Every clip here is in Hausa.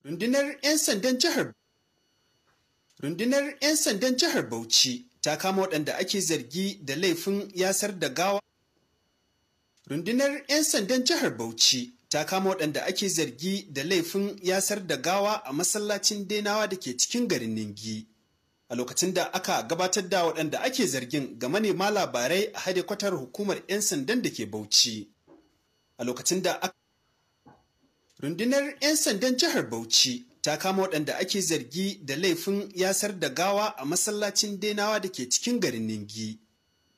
Rundunar 'yan sandan jihar Bauchi ta kama waɗanda ake zargi da laifin yasar da gawa. Rundunar 'yan sandan jihar Bauchi ta kama waɗanda ake zargi da laifin yasar da gawa a masallacin Denawa da ke cikin garin Ningi. A lokacin da aka gabatar da waɗanda ake zargin ga manema labarai a hadikwatar hukumar 'yan sandan da ke Bauchi. A lokacin da aka Rundunar 'yan sandan jihar Bauchi ta kama waɗanda ake zargi da laifin yasar da gawa a masallacin denawa da ke cikin garin Ningi.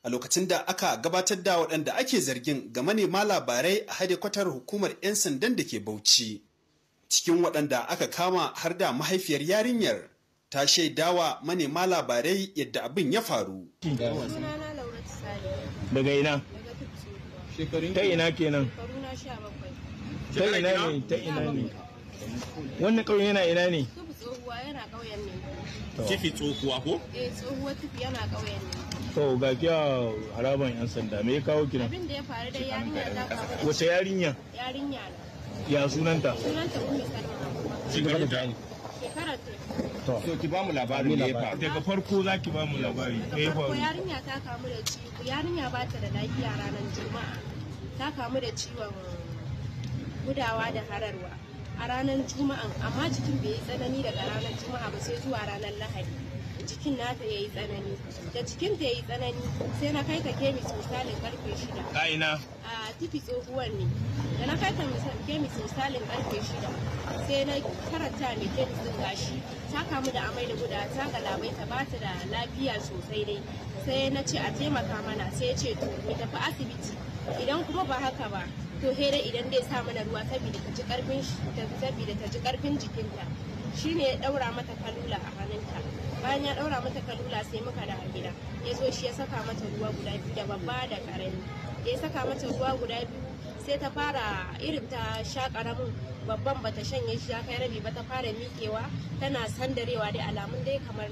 A lokacin da aka gabatar da waɗanda ake zargin ga manema labarai a kwatar hukumar 'yan sandan da ke Bauchi. Cikin waɗanda aka kama har da mahaifiyar yarinyar ta shaidawa manema labarai yadda abin ya faru. Daga ina? Ta ina kenan? ta ina ne ta ina ne wannan ƙauyen yana ina ne tsohuwa yana ƙauyen ne kifi tsohuwa ko eh tsohuwa kifi yana ƙauyen ne to ga kiya haraban yan sanda me ya kawo kiran. abin da ya faru da yarinya ta kawo wace yarinya yarinya ya sunanta sunanta ummi salma shekara shekara to ki ba mu labarin da ya faru daga farko za ki ba mu labari me ya faru yarinya ta kamu da ciwo yarinya ba ta da lafiya ranar juma'a ta kamu da ciwon gudawa da hararwa a ranar juma'a amma jikin bai yi tsanani daga ranar juma'a ba sai zuwa ranar lahadi jikin nata ya yi tsanani da jikin ta ya yi tsanani sai na kai ka kemis misalin karfe shida a ina a tufi tsohuwar ne da na kai ka kemis misalin karfe shida sai na karanta mai kemis din gashi ta kamu da amai da guda ta galabai ta bata da lafiya sosai dai sai na ce a taimaka mana sai ya ce to mu tafi asibiti idan kuma ba haka ba to here idan zai sa mana ruwa saboda ta ji karfin saboda ta ji karfin jikinta shine ya daura mata kalula a hannunta bayan ya daura mata kalula sai muka da gida ya zo shi ya saka mata ruwa guda biyu da babba da karami ya saka mata ruwa guda biyu sai ta fara irin ta sha karamin babban bata shanye shi ya kai rabi ba ta fara miƙewa tana sandarewa dai alamun dai kamar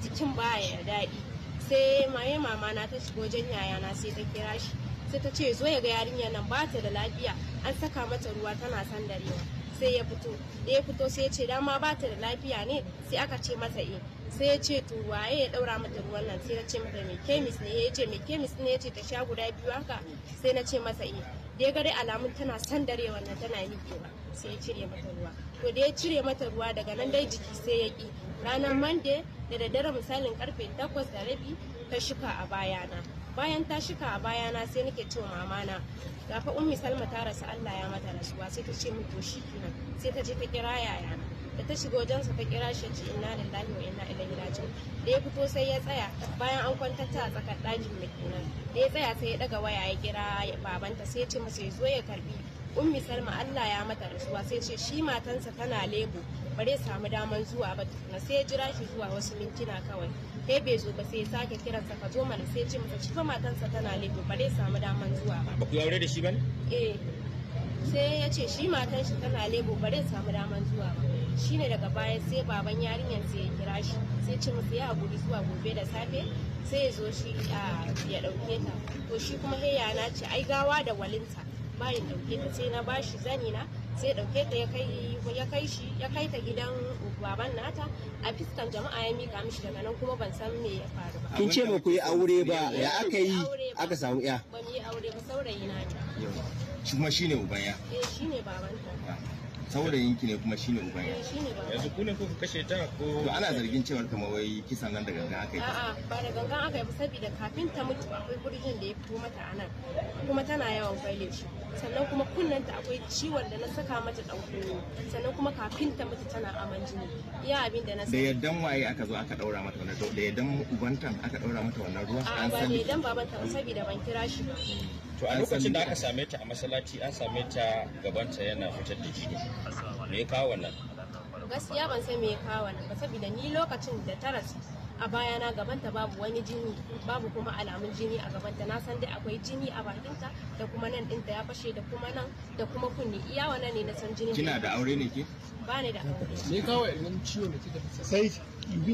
jikin baya daɗi sai maye mama na ta shigo jan yayana sai ta kira shi sai ta ce zo ya ga yarinyar nan ba ta da lafiya an saka mata ruwa tana darewa sai ya fito da ya fito sai ya ce dama ba ta da lafiya ne sai aka ce mata eh sai ya ce to waye ya daura mata ruwan nan sai na ce mata mai kemis ne ya ce mai kemis ne ya ce ta sha guda biyu haka sai na ce masa eh da ya gare alamun tana darewa nan tana miƙewa sai ya cire mata ruwa to da ya cire mata ruwa daga nan dai jiki sai ya ki ranar monday da daddare misalin karfe takwas da rabi ta shuka a bayana bayan ta shika a bayana sai nake cewa mamana ga fa ummi salma ta rasu Allah ya mata rasuwa sai ta ce min to kenan sai ta je ta kira yayana da ta shiga wajensa ta kira shi ce inna lillahi wa inna ilaihi raji'un da ya fito sai ya tsaya bayan an kwantar ta tsakar ɗakin mai kenan da ya tsaya sai ya daga waya ya kira babanta sai ya ce masa ya zo ya karbi ummi salma Allah ya mata rasuwa sai ce shi matansa tana lebo bare samu daman zuwa ba na sai ya jira shi zuwa wasu mintuna kawai sai bai zo ba sai ya sake kiransa ka zo mana sai ce masa shi fa matansa tana lebo ba zai samu daman zuwa ba ba ku aure da shi ba ne eh. sai ya ce shi matan shi tana lebo ba samu daman zuwa ba shine daga baya sai baban yarinyar sai ya kira shi sai ce masa ya guri zuwa gobe da safe sai ya zo shi ya dauke ta to shi kuma heya na ce ai gawa da walinta bayan dauke ta sai na bashi zani na sai dauke ta ya kai shi ya kai ta gidan baban nata a fiskan jama'a ya mika mishi daga nan kuma ban san me ya faru ba kin ce ba ku yi aure ba ya aka yi aka samu ya ba mu yi aure ba saurayi na ne kuma shine uban ya eh shine baban ta saurayin ki ne kuma shine uban yanzu yanzu ku ne kuka kashe ta ko to ana zargin cewar kamar wai kisan nan da gangan aka yi a'a ba da gangan aka yi ba saboda kafin ta mutu akwai kurjin da ya fito mata anan kuma tana yawan faile shi sannan kuma kunnen ta akwai ciwon da na saka mata dauko sannan kuma kafin ta mutu tana aman jini iya abin da na da yaddan waye aka zo aka daura mata wannan da yaddan ubantan aka daura mata wannan ruwa an san ba da yaddan babanta ba saboda ban kira shi ba hmm. to a lokacin da aka same ta a masallaci an same ta gabanta yana fitar da jini me ya kawo wannan gaskiya ban san me ya kawo wannan ba saboda ni lokacin da ta rasu a bayana gabanta babu wani jini babu kuma alamun jini a gabanta na san dai akwai jini a bakinta da kuma nan ɗinta ya fashe da kuma nan da kuma kunne iya wannan ne na san jini kina da aure ne ke ba ne da aure me kawo wannan ciwo da kika sai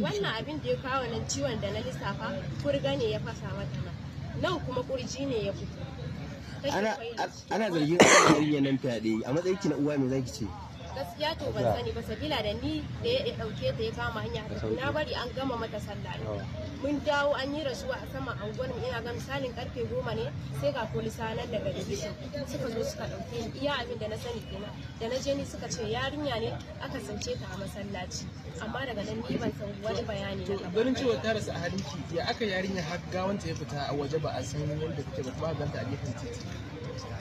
wannan abin da ya kawo nan ciwon da na lissafa kurga ne ya fasa mata nan nan kuma kurji ne ya fito ana zargin zargin nan fyaɗe a matsayin ki na uwa me zaki ce gaskiya to ban sani ba sabila da ni da ya dauke ta ya kama hanya na bari an gama mata sallah mun dawo an yi rasuwa a sama anguwar ina ga misalin karfe goma ne sai ga polisa nan daga division suka zo suka dauke ni iya abin da na sani kenan da na je ni suka ce yarinya ne aka sauce ta a masallaci amma daga nan ni ban san wani bayani na gaba ganin cewa ta rasu a halinki, ya aka yarinya har gawanta ya fita a waje ba a san yadda take ba ba ganta a gefen titi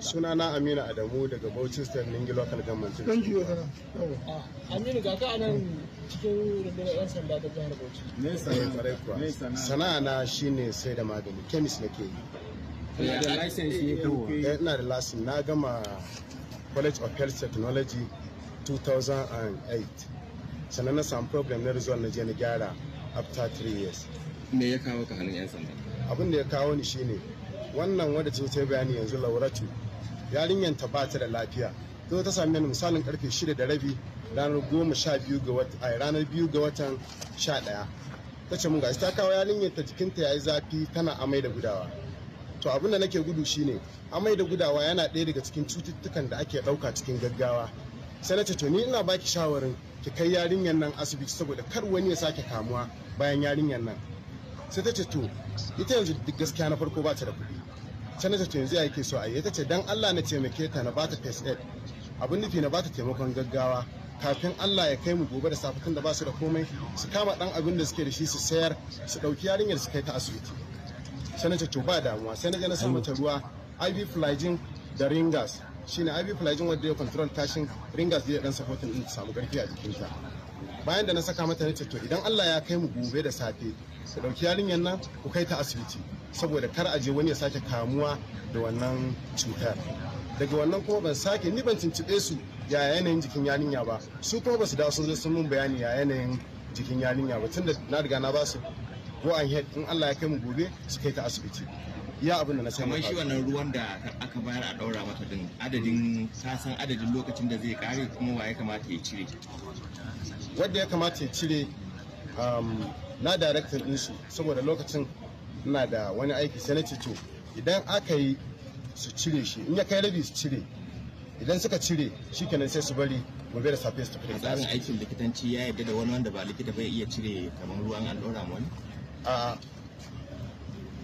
suna na amina adamu daga bauchi state ningi local government ah, amina ga ka anan cikin rundunar yan sanda ta jihar bauchi ne sana'a eh, sana'a na shine sai da magani chemist nake yi ina da license ne ko eh, ina da license na gama college of health technology 2008 sannan na samu program na result na je na gyara after 3 years me ya kawo ka hannun yan sanda abin da ya kawo ni shine wannan wadda ce ta bayani yanzu lauratu yarinyar ta bata da lafiya ta ta sami ni misalin karfe shida da rabi ranar goma ga watan ranar biyu ga watan sha ɗaya ta ce mun gashi ta kawo yarinyar ta ta yayi zafi tana amai da gudawa to abin da nake gudu shine amai da gudawa yana ɗaya daga cikin cututtukan da ake ɗauka cikin gaggawa sai na ce to ni ina baki shawarin ki kai yarinyar nan asibiti saboda kar wani ya sake kamuwa bayan yarinyar nan sai ta ce to ita yanzu duk gaskiya na farko ba ta da kuɗi sanata to yanzu yake so a yi ta ce dan Allah na taimake ta na ba ta first aid abin nufi na ba ta taimakon gaggawa kafin Allah ya kai mu gobe da safe tun da ba su da komai su kama dan abin da suke da shi su sayar su dauki yarinyar su kai ta asibiti sanata to ba damuwa sai na je na ruwa IV Flygin da Ringas shine IV Flygin wanda ya control tashin Ringas zai dan supporting din ta samu garki a jikinta bayan da na saka mata na ce to idan Allah ya kai mu gobe da safe su dauki yarinyar nan ku kai ta asibiti saboda kar a je wani ya sake kamuwa da wannan cutar daga wannan kuma ban sake ni ban cincibe su ya yanayin jikin yarinya ba su kuma ba su dawo sun zo sun mun bayani ya yanayin jikin yarinya ba tunda na riga na ba su go head in Allah ya kai mu gobe su kai ta asibiti ya abin da na sani kamar shi wannan ruwan da aka bayar a daura mata din adadin sasan adadin lokacin da zai kare kuma wa ya kamata ya cire wanda ya kamata ya cire um, na director din su saboda lokacin ina da wani aiki sai to idan aka yi su cire shi in ya kai rabi su cire idan suka cire shikenan sai su bari gobe da safe su fita tsarin aikin likitanci ya yadda da wani wanda ba likita bai iya cire kamar ruwan an dora mu wani a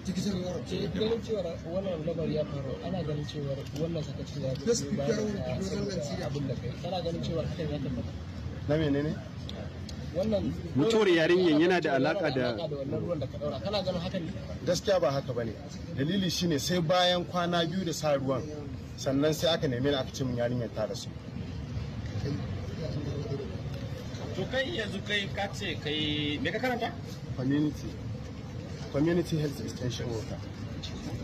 cikin cewa wannan labar ya faru ana ganin cewar wannan sakacin ya fi ba da da ganin cewar hakan ya tabbata na menene mutuwar yarinyan yana da alaka da gaskiya ba haka bane dalili shine sai bayan kwana biyu da sa ruwan sannan sai aka neme aka ce min yarinyar ta rasu to kai yanzu kai ka ce kai me ka karanta community community health extension worker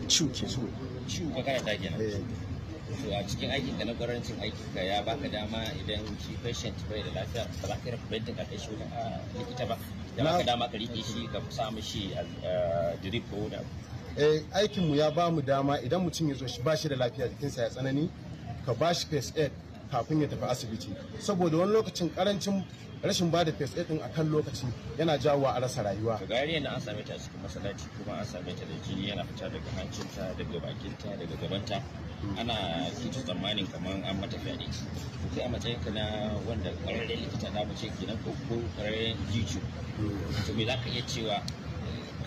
ciwo ke ciwo ciwo ka karanta kenan eh. to a cikin aikin ka na gwarancin aikin ka ya baka dama idan shi patient bai da lafiya ba za ka yi recommending a kai shi a ah, likita ba da baka dama ka rike shi ka sa mishi ah, drip ko da eh aikin mu ya ba mu dama idan mutum ya zo shi ba shi da lafiya jikinsa ya tsanani ka ba shi first aid kafin ya tafi asibiti saboda wani lokacin karancin rashin ba da first a kan lokaci yana jawo a rasa rayuwa ga yariyar na an same ta cikin masallaci kuma an same ta da jini yana fita daga hancinta daga bakinta daga gabanta ana fito tsammanin kamar an mata fyaɗe kai a matsayin ka na wanda ƙwararren likita na mace kenan ko ko ƙwararren jijiyo to me za ka iya cewa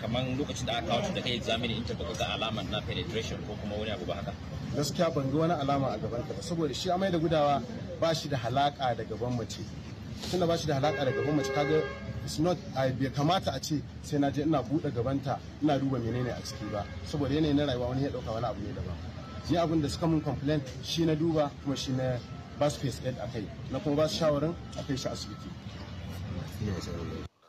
kamar lokacin da aka wata da kai examine inta ta baka ga alamar na penetration ko kuma wani abu ba haka gaskiya ban ga wani alama a gaban ka saboda shi amai da gudawa ba shi da halaka da gaban mace tunda ba shi da halaka da gaban mace kaga it's not be kamata a ce sai na je ina buɗe gabanta ina duba menene a ciki ba saboda yanayi na rayuwa wani ya dauka wani abu ne daban ni abin da suka mun complain shi na duba kuma shi na ba face aid a kai na kuma ba su shawarin a kai shi asibiti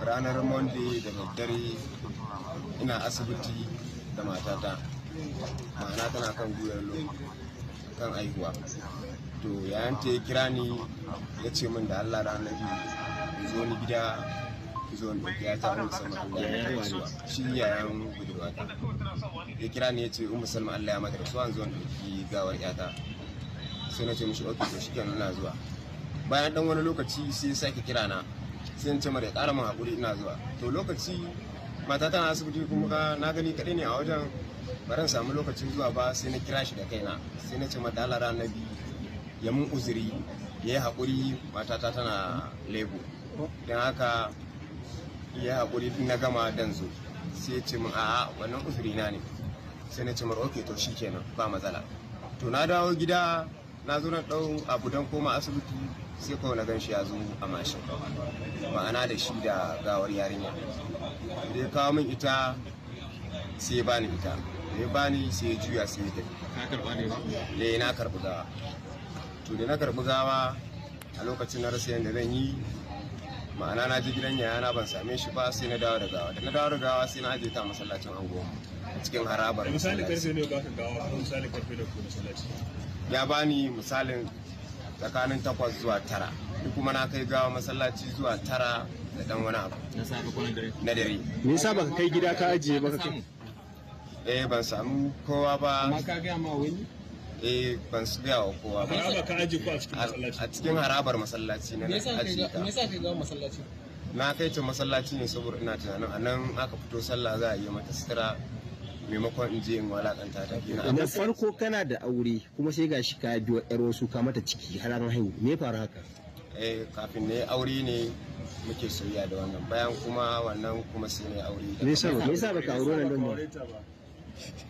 ranar monday da daddare ina asibiti da matata ma'ana tana kan gwiwar kan aihuwa to yayin ta ya kira ni ya ce min da allah ranar in zo ni gida ki zo ni ya ta umu salma allah ya mata rasuwa shi yayan budurwa ta ya kira ni ya ce umu salma allah ya mata su an zo ni ɗauki gawar yata sai na ce mishi ok to shi kenan na zuwa bayan dan wani lokaci sai sake kira na sai ce mara ya ƙara min haƙuri ina zuwa to lokaci mata tana asibiti kuma ka na gani kaɗai ne a wajen baran samu lokacin zuwa ba sai na kira shi da kaina sai na ce ma Allah ran nabi ya mun uzuri ya yi haƙuri matata tana lebo don haka ya haƙuri na gama dan zo sai ce mun a'a wannan uzuri na ne sai na ce mara ok to shi kenan ba matsala to na dawo gida na zo na ɗau abu don koma asibiti sai kawai na ganshi ya zo a mashin ma'ana da shi da gawar yarinya da ya kawo min ita sai ya bani ita da ya bani sai ya juya sai ya tafi ne eh, na karbi gawa to da na karbi gawa a lokacin na rasa yadda zan yi ma'ana na ji gidan yana ban same shi ba sai na dawo da gawa da na dawo da gawa sai na ajiye ta masallacin anguwa cikin harabar misali karfe ne ba ka gawa misali karfe da ku masallaci ya bani misalin tsakanin takwas zuwa tara duk kuma na kai gawa masallaci zuwa tara da dan wani abu na dare me yasa baka kai gida ka ajiye baka kai eh ban samu kowa ba amma ka ga ma wani eh ban su ga wa kowa ba haraba ka aje ko a cikin masallaci a cikin harabar masallaci na aje ka me yasa kai ga masallaci na kai ta masallaci ne saboda ina tunanin anan aka fito sallah za a yi mata sutura maimakon in je in walakanta ta kenan na farko kana da aure kuma sai gashi ka biyo yar wasu ka mata ciki har an haihu me faru haka eh kafin ne aure ne muke soyayya da wannan bayan kuma wannan kuma sai ne aure me yasa me yasa baka aure nan don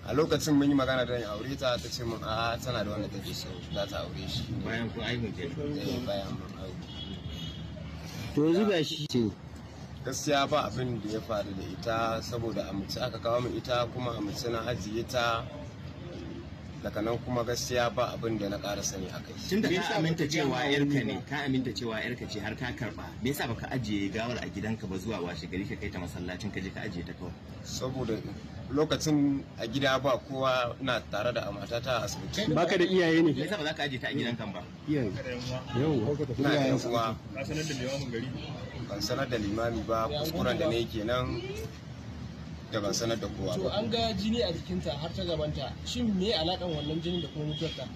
a lokacin mun yi magana da aure ta ta ce mun a tana da wanda take so za ta aure shi bayan ku aihu ke eh, bayan mun aihu to yanzu gashi ce gaskiya ba abin da ya faru da ita saboda a mace aka kawo min ita kuma a mace na ajiye ta daga nan kuma gaskiya ba abin da na ƙara sani a kai tunda ka aminta cewa yarka ne ka aminta cewa yarka ce har ka karba me yasa baka ajiye gawar a gidanka ba zuwa washe gari ka kai ta masallacin ka je ka ajiye ta kawai saboda lokacin a gida ba kowa na tare da amata ta asibiti baka da iyaye ne me yasa ba za ka ajiye ta a gidanka ba iyaye yau na da uwa sanar da limamin gari ban sanar da limami ba kuskuren da ne kenan da ban sanar da kowa ba. To an ga jini a jikinta har ta gabanta shin me alakan wannan jini da kuma mutuwarta?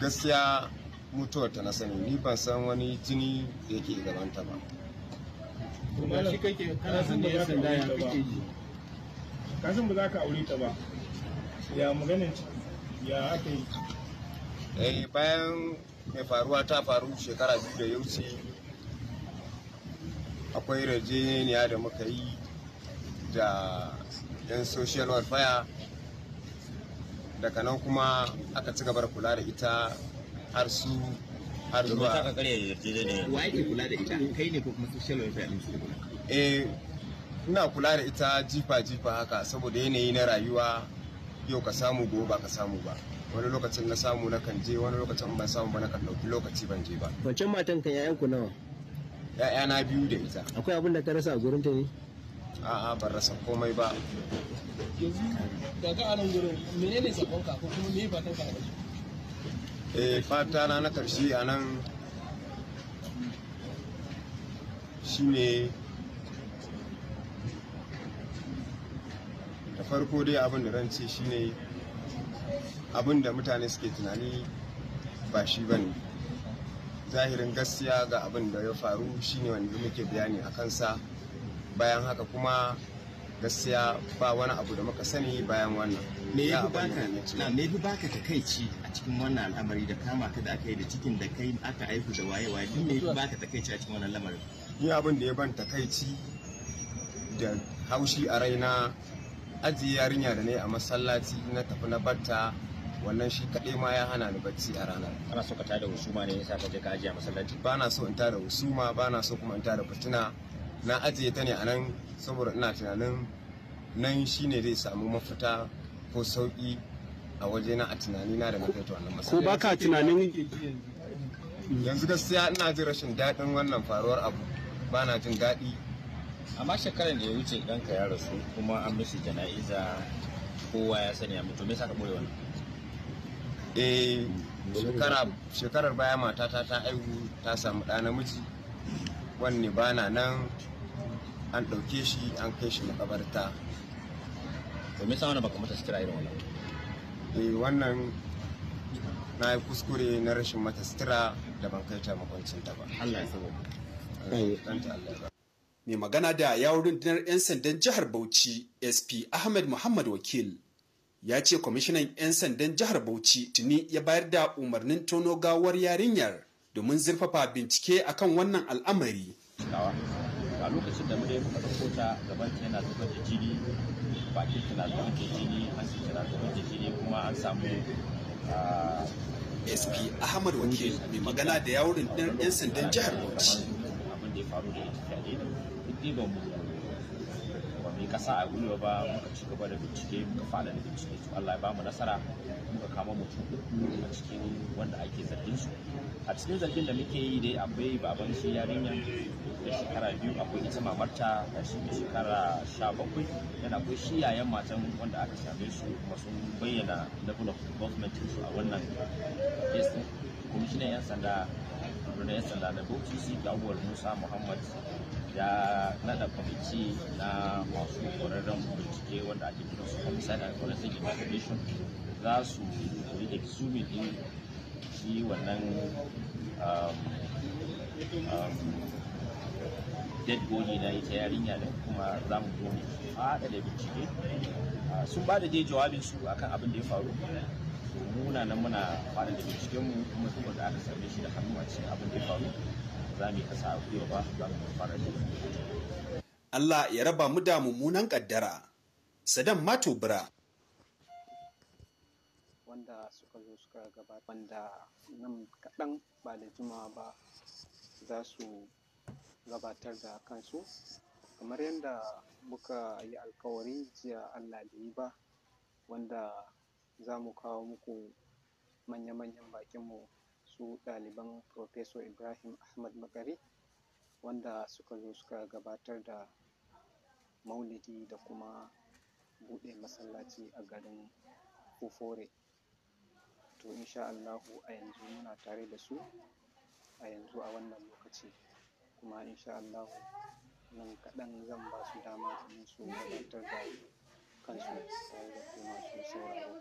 Gaskiya mutuwarta na sani ni ban san wani jini da yake gabanta ba. Kuma shi kake kana san da za ka aure ta ba. Ka san ba za ka aure ta ba. Ya maganin ya aka yi. Eh bayan mai faruwa ta faru shekara biyu da ya wuce akwai rajeniya da muka yi da 'yan social welfare daga nan kuma aka ci gaba da kula da ita har su har zuwa ta ka karya yarjejeniya wa yake kula da ita kai ne ko kuma social welfare din su eh ina kula da ita jifa jifa haka saboda yanayi na rayuwa yau ka samu gobe ba ka samu ba wani lokacin na samu na kan je wani lokacin ban samu ba na kan dauki lokaci ban je ba wancan matan ka yayan ku nawa ya'ya na biyu da ita akwai abin da ka rasa a gurin ta ne a'a ban rasa komai ba eh fata na na karshe a nan shine da farko dai abin da rance shine abin da mutane suke tunani ba shi ba ne. zahirin gaskiya ga abin da ya faru shine wanda muke bayani a kansa bayan haka kuma gaskiya ba wani abu da muka sani bayan wannan me ya baka na me ya baka takaici a cikin wannan al'amari da kama ka da aka yi da cikin da kai aka aiku da waye waye me ya baka takaici a cikin wannan lamarin ni abin da ya ban takaici da haushi a raina ajiye yarinya da ne a masallaci na tafi na batta wannan shi kaɗai ma ya hana ni bacci a ranar. Ana so ka tada husuma ne yasa ka je ka ajiye masallaci? Ba na so in tada husuma, ba na so kuma in tada fitina. na ajiye ta ne a nan saboda ina tunanin nan shine zai samu mafita ko sauƙi a waje na a tunani na da na kai ta wannan matsala ko baka tunanin yanzu gaskiya ina jin rashin daɗin wannan faruwar abu ba na jin daɗi amma shekarar da ya wuce ka ya rasu kuma an mishi jana'iza kowa ya sani a mutum me ka ɓoye wannan eh shekarar baya matata ta aihu ta samu ɗa namiji wanne bana nan an ɗauke shi an kai shi makabarta to me wani baka mata sutura irin wannan eh wannan na yi kuskure na rashin mata sutura da ban kai ta ta ba Allah ya sabo mai magana da yawon rundunar 'yan sandan jihar Bauchi SP Ahmed Muhammad Wakil ya ce kwamishinan 'yan sandan jihar Bauchi tuni ya bayar da umarnin tono gawar yarinyar domin zurfafa bincike akan wannan al'amari. a lokacin da muke muka ɗauko ta gaban yana zubar da jini bakin tana zubar da jini hanci tana zubar da jini kuma an samu ah, sp ahmad wakil mai magana da yawurin ɗin 'yan sandan jihar bauchi abin da ya faru da ita fyaɗe da duk ba mu ba mai kasa a gwiwa ba muka ci gaba da bincike muka fada da bincike to allah ya ba mu nasara muka kama mutum uku a cikin wanda ake zargin su a cikin zargin da muke yi dai akwai baban shi yarinyar da shekara biyu akwai ita mamarta da shi da shekara sha bakwai yana akwai shi yayan matan wanda aka same su kuma sun bayyana level of involvement su a wannan case kwamishinan yan sanda da yan sanda da bauchi da awwal musa muhammad ya nada kwamiti na masu kwararren bincike wanda ake kiransu homicide and forensic investigation za su rike sumin shi wannan um, um, dead body na ita yarinya da kuma za mu zo mu faɗa da bincike sun ba da dai jawabin su akan abin da ya faru na nan muna fada da binciken mu kuma duk wanda aka same shi da hannu a cikin abin da ya faru za mu yi kasa a ba za mu fara da Allah ya raba mu da mummunan kaddara sadan Mato Bra wanda suka zo suka gabata wanda nan kaɗan ba da jimawa ba za su gabatar da kansu kamar yadda muka yi alkawari jiya allah da yi ba wanda za mu kawo muku manya-manyan bakinmu su ɗaliban Professor Ibrahim Ahmad maƙari wanda suka zo suka gabatar da maulidi da kuma buɗe masallaci a garin Kufore. to in sha Allahu a yanzu muna tare da su a yanzu a wannan lokaci kuma in Allahu nan kaɗan zan ba su dama domin su gabatar da kansu tare da kuma su sauraro.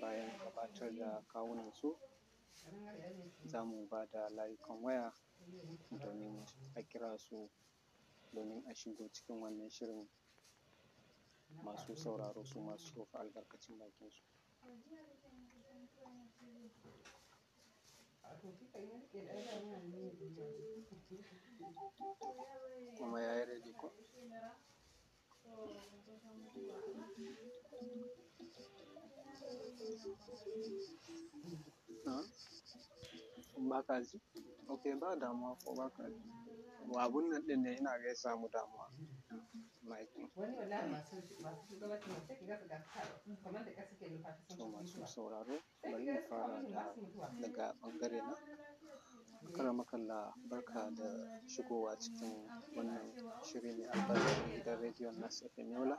bayan gabatar da su, za mu ba da layukan waya domin a kira su domin a shigo cikin wannan shirin masu sauraro su masu tofa albarkacin bakinsu kuma ya yi ko? ba ka ji? ok ba damuwa ko abun nan ne ina ga ya samu damuwa masu sauraro bari mu fara daga bangare na Karamakalla barka da shigowa cikin wannan shiri mai gidan rediyon Nas FM Yola.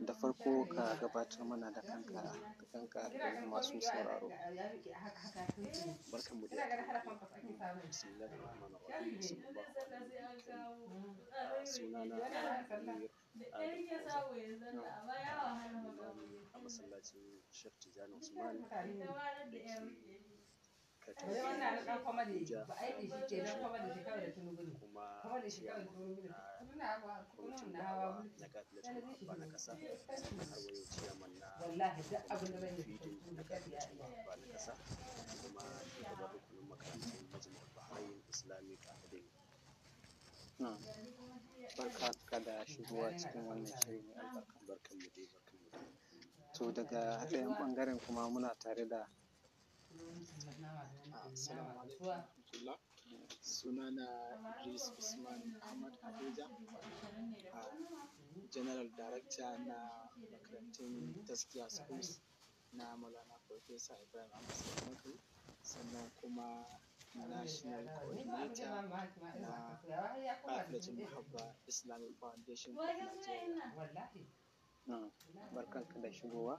Da farko ka gabatar mana da kanka da kanka da masu sauraro. Barkan mu da Sunana Amir eh, a masallacin Sheikh Tijjani Usman da ke na kasa kuma rukunin makarantar barka ka da shigowa cikin wannan shirin albarkan mu dai barkan mu to daga ɗayan ɓangaren kuma muna tare da Assalamu alaikum sunana Idris Usman Ahmad Abuja General Director na makarantun Taskiya Schools na Maulana Professor Ibrahim Ahmad sannan kuma National Coordinator na Afilatin Muhabba Islamic Foundation Barkan da shigowa.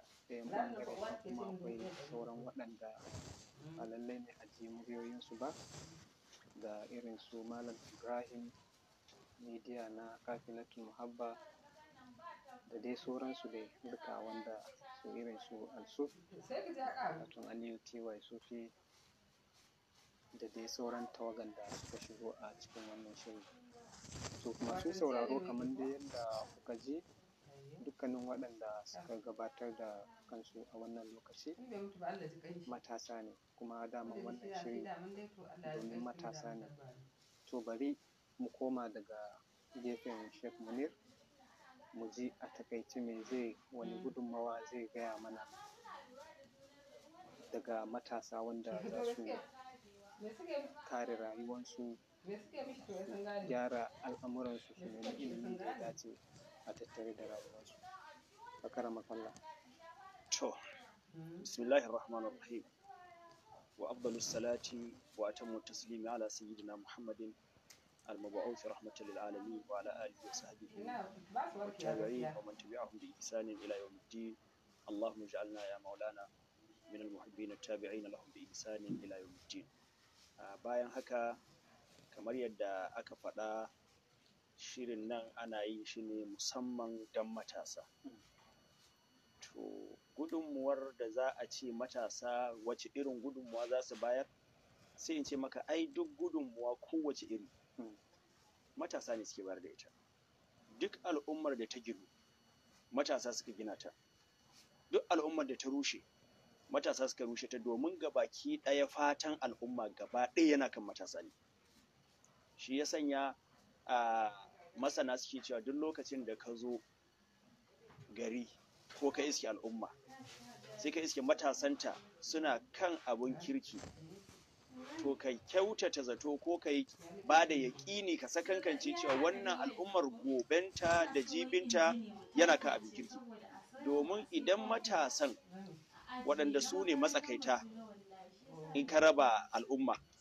ɗayan ɓangaren kuma akwai sauran waɗanda a lallai ne ajiye muryoyinsu ba da irin su malam ibrahim media na kafilatul muhabba da dai sauransu dai duka wanda su irin su alsuf wato aliyu ty sufi da dai sauran tawagan da suka shigo a cikin wannan shirin su kuma su sauraro kamar dai yadda kuka je dukkanin waɗanda suka gabatar da kansu a wannan lokaci matasa ne kuma dama wannan shiri domin matasa ne to bari mu koma daga gefen shek munir mu ji a takaice me zai wani hmm. gudunmawa zai gaya mana daga matasa wanda za su kare rayuwansu gyara al'amuransu su nemi ilimin da ya dace a tattare da rayuwarsu akramakallah to bismillahir rahmanir rahim wa afdalus salati wa atammu taslimi ala sayyidina muhammadin المبعوث رحمة للعالمين وعلى آله وصحبه والتابعين ومن تبعهم بإحسان إلى يوم الدين اللهم اجعلنا يا مولانا من المحبين التابعين لهم بإحسان إلى يوم الدين bayan haka kamar yadda aka faɗa shirin nan ana yin shi ne musamman don matasa to gudunmuwar da za a ce matasa wace irin gudunmuwa za su bayar sai in ce maka ai duk gudunmuwa kowace iri matasa ne suke bayar da ita duk al'ummar da ta ginu matasa suka gina ta duk al'ummar da ta rushe matasa suka rushe ta domin ga baki ɗaya fatan al'umma gaba ɗaya yana kan matasa ne shi ya sanya a ah, masana suke cewa duk lokacin da ka zo gari ko ka iske al'umma sai ka iske matasanta suna kan abun kirki to ka kyautata zato ko ka yi ba da yaƙini ka sakankance cewa wannan al'ummar gobenta da jibinta yana kan abin kirki domin idan matasan waɗanda su ne matsakaita in ka raba al'umma